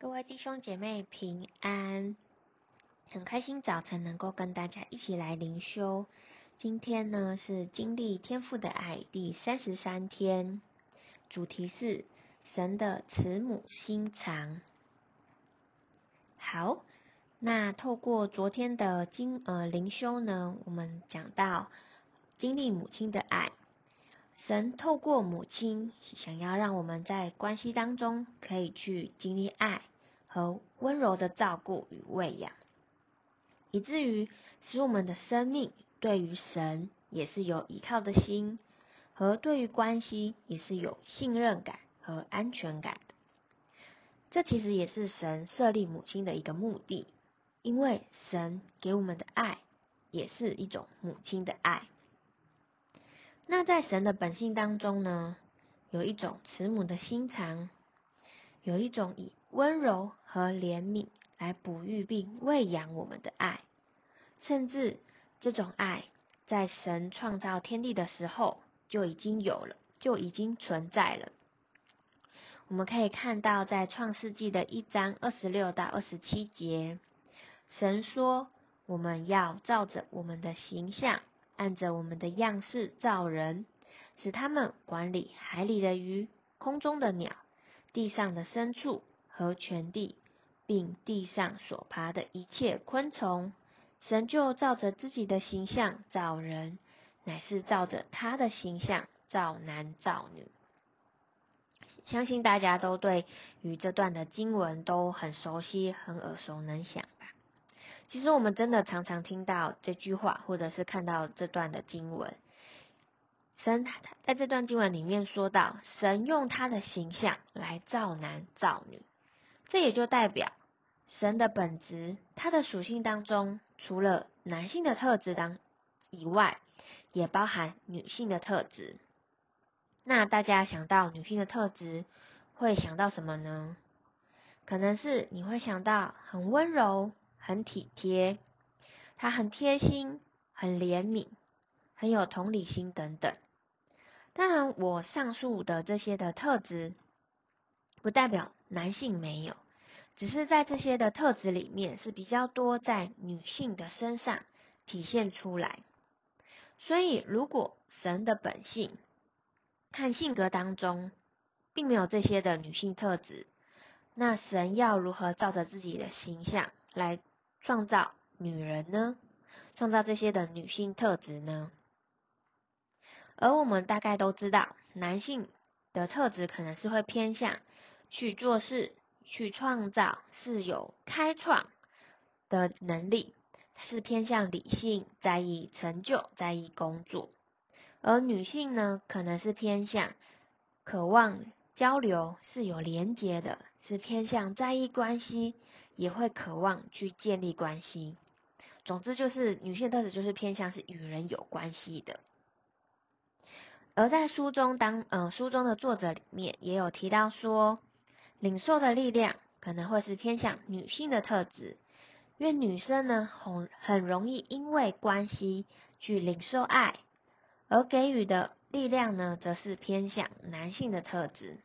各位弟兄姐妹平安，很開心早晨能夠跟大家一起來靈修。今天呢，是經歷天父的愛第三十三天，主題是神的慈母心腸。好，那透過昨天的經，呃，靈修呢，我們講到經歷母親的愛。神透過母親，想要讓我們在關係當中可以去經歷愛和溫柔的照顧與餵養，以至於使我們的生命對於神也是有依靠的心，和對於關係也是有信任感和安全感的。這其實也是神設立母親的一個目的，因為神給我們的愛也是一種母親的愛。那在神的本性當中呢，有一種慈母的心腸，有一種以溫柔和憐憫來哺育並餵養我們的愛，甚至這種愛在神創造天地的時候就已經有了，就已經存在了。我們可以看到，在創世記的一章二十六到二十七節，神說：“我們要照着我們的形像。”按着我們的樣式造人，使他們管理海裏的魚、空中的鳥、地上的牲畜和全地，並地上所爬的一切昆蟲。神就照着自己的形像造人，乃是照着他的形像造男造女。相信大家都對於這段的經文都很熟悉，很耳熟能詳。其實我們真的常常聽到這句話，或者是看到這段的經文。神在這段經文裡面說到，神用他的形象來造男造女。這也就代表神的本質，他的屬性當中，除了男性的特質當以外，也包含女性的特質。那大家想到女性的特質，會想到什麼呢？可能是你會想到很溫柔。很體貼，他很貼心，很憐憫，很有同理心等等。當然，我上述的這些的特質，不代表男性沒有，只是在這些的特質裡面，是比較多在女性的身上體現出來。所以，如果神的本性和性格當中，並沒有這些的女性特質，那神要如何照着自己的形象來？創造女人呢？創造這些的女性特質呢？而我們大概都知道，男性的特質可能是會偏向去做事、去創造，是有開創的能力，是偏向理性，在意成就，在意工作。而女性呢，可能是偏向渴望交流，是有連結的，是偏向在意關係。也會渴望去建立關係，總之就是女性的特質就是偏向是與人有關係的。而在書中當，當、呃、嗯，書中的作者裡面也有提到說，領受的力量可能會是偏向女性的特質，因為女生呢很很容易因為關係去領受愛，而給予的力量呢則是偏向男性的特質。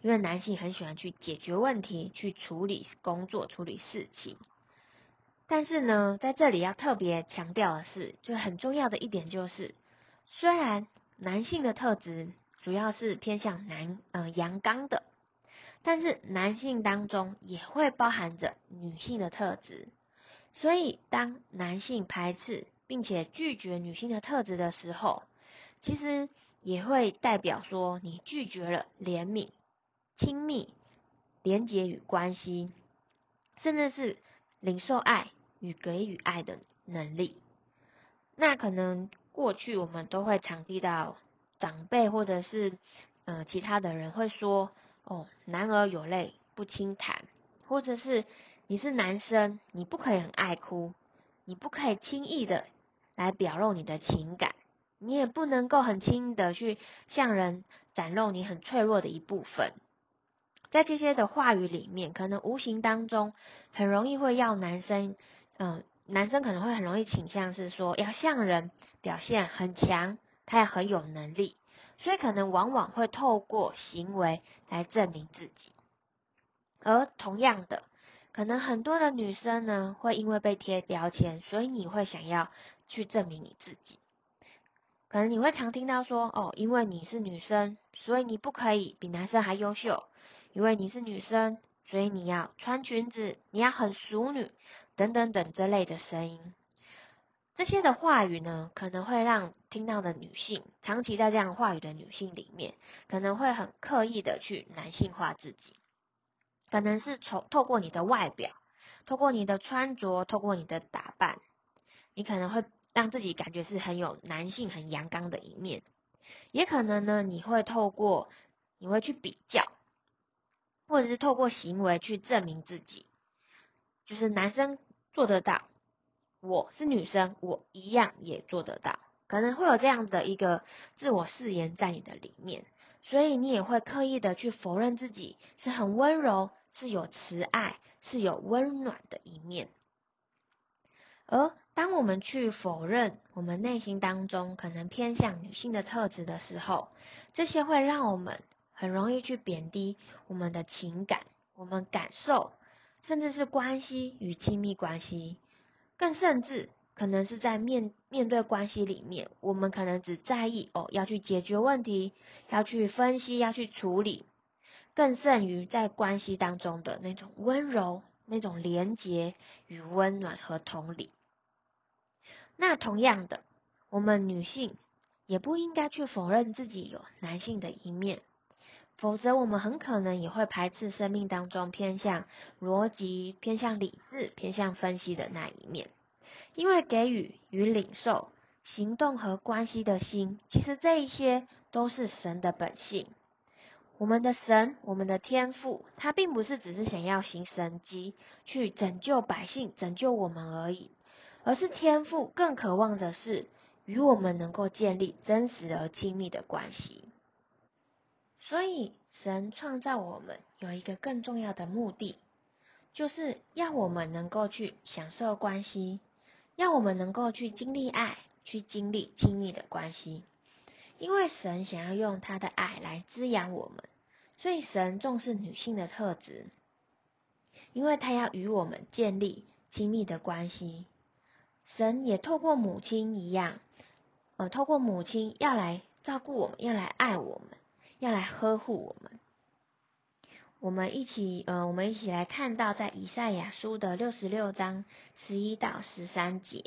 因為男性很喜歡去解決問題、去處理工作、處理事情，但是呢，在這裡要特別強調的是，就很重要的一點就是，雖然男性的特質主要是偏向男呃陽剛的，但是男性當中也會包含着女性的特質，所以當男性排斥並且拒絕女性的特質的時候，其實也會代表說你拒絕了憐憫。親密、連結與關係，甚至是領受愛與給予愛的能力。那可能過去我們都會常聽到長輩或者是嗯、呃、其他的人會說：“哦，男兒有淚不輕彈，或者是你是男生，你不可以很愛哭，你不可以輕易的來表露你的情感，你也不能夠很輕易的去向人展露你很脆弱的一部分。”在這些的話語裡面，可能無形當中很容易會要男生，嗯，男生可能會很容易傾向是說要向人表現很強，他也很有能力，所以可能往往會透過行為來證明自己。而同樣的，可能很多的女生呢，會因為被貼標籤，所以你會想要去證明你自己。可能你會常聽到說，哦，因為你是女生，所以你不可以比男生還優秀。因為你是女生，所以你要穿裙子，你要很淑女，等等等這類的聲音，這些的話語呢，可能會讓聽到的女性，長期在這樣話語的女性裡面，可能會很刻意的去男性化自己，可能是從透過你的外表，透過你的穿着，透過你的打扮，你可能會讓自己感覺是很有男性、很陽剛的一面，也可能呢，你會透過，你會去比較。或者是透過行為去證明自己，就是男生做得到，我是女生，我一樣也做得到，可能會有這樣的一個自我誓言在你的裡面，所以你也會刻意的去否認自己是很溫柔、是有慈愛、是有溫暖的一面。而當我們去否認我們內心當中可能偏向女性的特質的時候，這些會讓我們。很容易去貶低我們的情感、我們感受，甚至是關係與親密關係，更甚至可能是在面面對關係裡面，我們可能只在意哦，要去解決問題、要去分析、要去處理，更勝於在關係當中的那種溫柔、那種連結與溫暖和同理。那同樣的，我們女性也不應該去否認自己有男性的一面。否則，我們很可能也會排斥生命當中偏向邏輯、偏向理智、偏向分析的那一面，因為給予與領受、行動和關係的心，其實這一些都是神的本性。我們的神，我們的天父，他並不是只是想要行神跡去拯救百姓、拯救我們而已，而是天父更渴望的是與我們能夠建立真實而親密的關係。所以，神創造我們有一個更重要的目的，就是要我們能夠去享受關係，要我們能夠去經歷愛，去經歷親密的關係。因為神想要用他的愛來滋養我們，所以神重視女性的特質，因為他要與我們建立親密的關係。神也透過母親一樣，呃，透過母親要來照顧我們，要來愛我們。要來呵護我們，我們一起，呃，我們一起來看到，在以賽亞書的六十六章十一到十三節，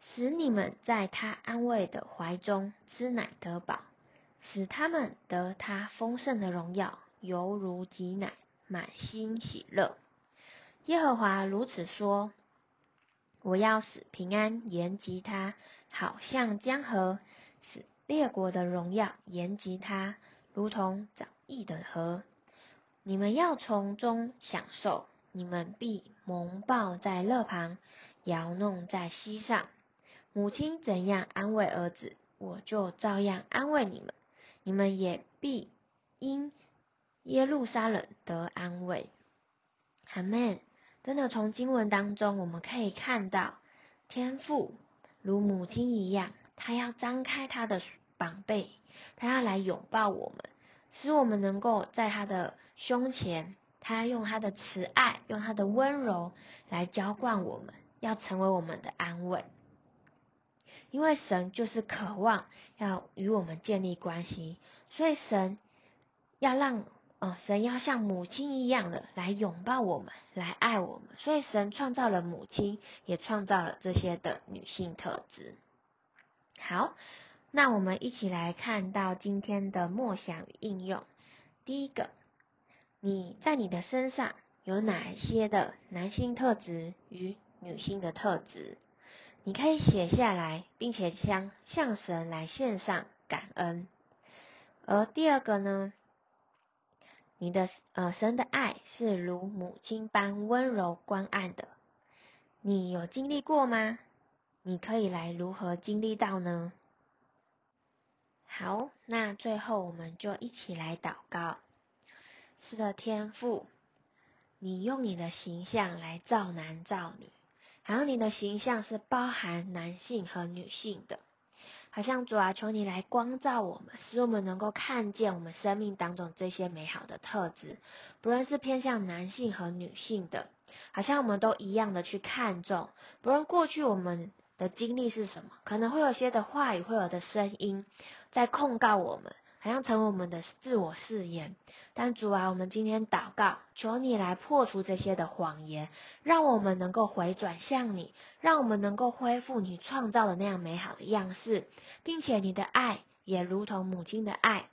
使你們在他安慰的懷中吃奶得飽，使他們得他豐盛的榮耀，猶如擠奶，滿心喜樂。耶和華如此說：我要使平安延及他，好像江河。使列國的榮耀延及他，如同漲溢的河。你們要從中享受，你們必蒙抱在肋旁，搖弄在膝上。母親怎樣安慰兒子，我就照樣安慰你們。你們也必因耶路撒冷得安慰。阿門。真的，從經文當中我們可以看到，天父如母親一樣，他要張開他的。防備，他要來擁抱我們，使我們能夠在他的胸前。他要用他的慈愛，用他的溫柔來澆灌我們，要成為我們的安慰。因為神就是渴望要與我們建立關係，所以神要讓哦、嗯，神要像母親一樣的來擁抱我們，來愛我們。所以神創造了母親，也創造了這些的女性特質。好。那我們一起來看到今天的默想與應用。第一個，你在你的身上有哪一些的男性特質與女性的特質？你可以寫下來，並且向向神來獻上感恩。而第二個呢，你的呃神的愛是如母親般溫柔關愛的，你有經歷過嗎？你可以來如何經歷到呢？好，那最後我們就一起來禱告。是的，天父，你用你的形象來造男造女，然後你的形象是包含男性和女性的，好像主啊，求你來光照我們，使我們能夠看見我們生命當中這些美好的特質，不論是偏向男性和女性的，好像我們都一樣的去看重，不論過去我們，的經歷是什麼？可能會有些的話語，會有的聲音，在控告我們，好像成為我們的自我誓言。但主啊，我們今天禱告，求你來破除這些的謊言，讓我們能夠回轉向你，讓我們能夠恢復你創造的那樣美好的樣式，並且你的愛也如同母親的愛，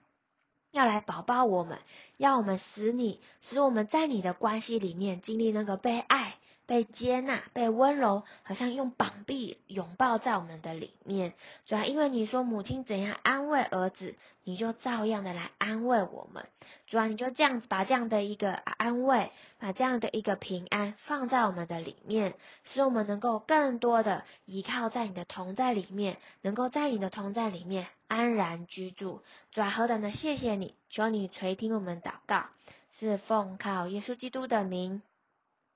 要來保抱我們，要我們使你，使我們在你的關係裡面經歷那個被愛。被接納，被溫柔，好像用膀臂擁抱在我們的裡面。主啊，因為你說母親怎樣安慰兒子，你就照樣的來安慰我們。主啊，你就這樣子把這樣的一個安慰，把這樣的一個平安放在我們的裡面，使我們能夠更多的依靠在你的同在裡面，能夠在你的同在裡面安然居住。主啊，何等的謝謝你！求你垂聽我們禱告，是奉靠耶穌基督的名，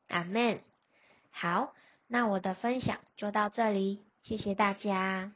阿門。好，那我的分享就到這裡，謝謝大家。